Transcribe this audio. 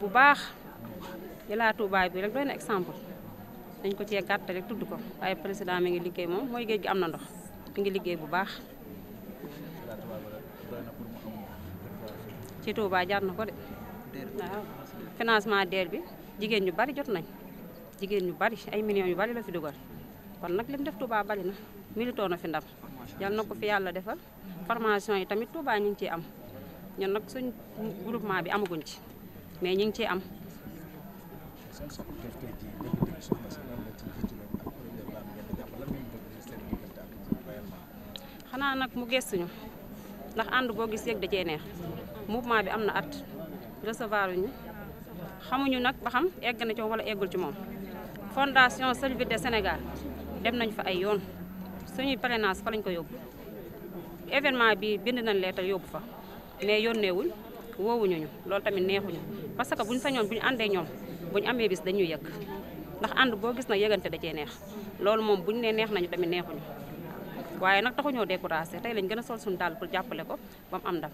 bu baax Ila Touba bi rek doy na exemple dañ ko cee gàtt rek tudd ko waaye président mi ngi liggéey moom mooy géej gi am na ndox mi ngi liggéey bu baax ci Touba jaar na ko de financement DER bi jigéen ñu bari jot nañ jigéen ñu bari ay millions yu bari la fi dugal kon nag lim def Touba bari na militoo na fi ndam yal na ko fi yàlla defal formation yi tamit Touba ñu ngi ciy am ñun nag suñ groupement bi amaguñ ci mais ñu ngi ciy am. xanaa nag mu gëstuñu ndax ànd boo gis yëg da cee neex mouvement bi am na at recevoir ñu xamuñu nag ba xam egg na ci wala eggul ci moom fondation Servir le Sénégal dem nañ fa ay yoon suñuy parrainage fa lañ ko yóbbu événement bi bind nañ leetal yóbbu fa mais yónneewuñ wowuñu ñu loolu tamit neexuñu parce que buñ sañoon buñ àndee ñoom buñ amee bis dañuy yëg ndax ànd boo gis nag yëgante da cee neex loolu moom buñ ne neex nañu tamit neexuñu waaye nag taxuñoo découragé tey lañ gën a sol suñu daal pour jàppale ko ba am ndam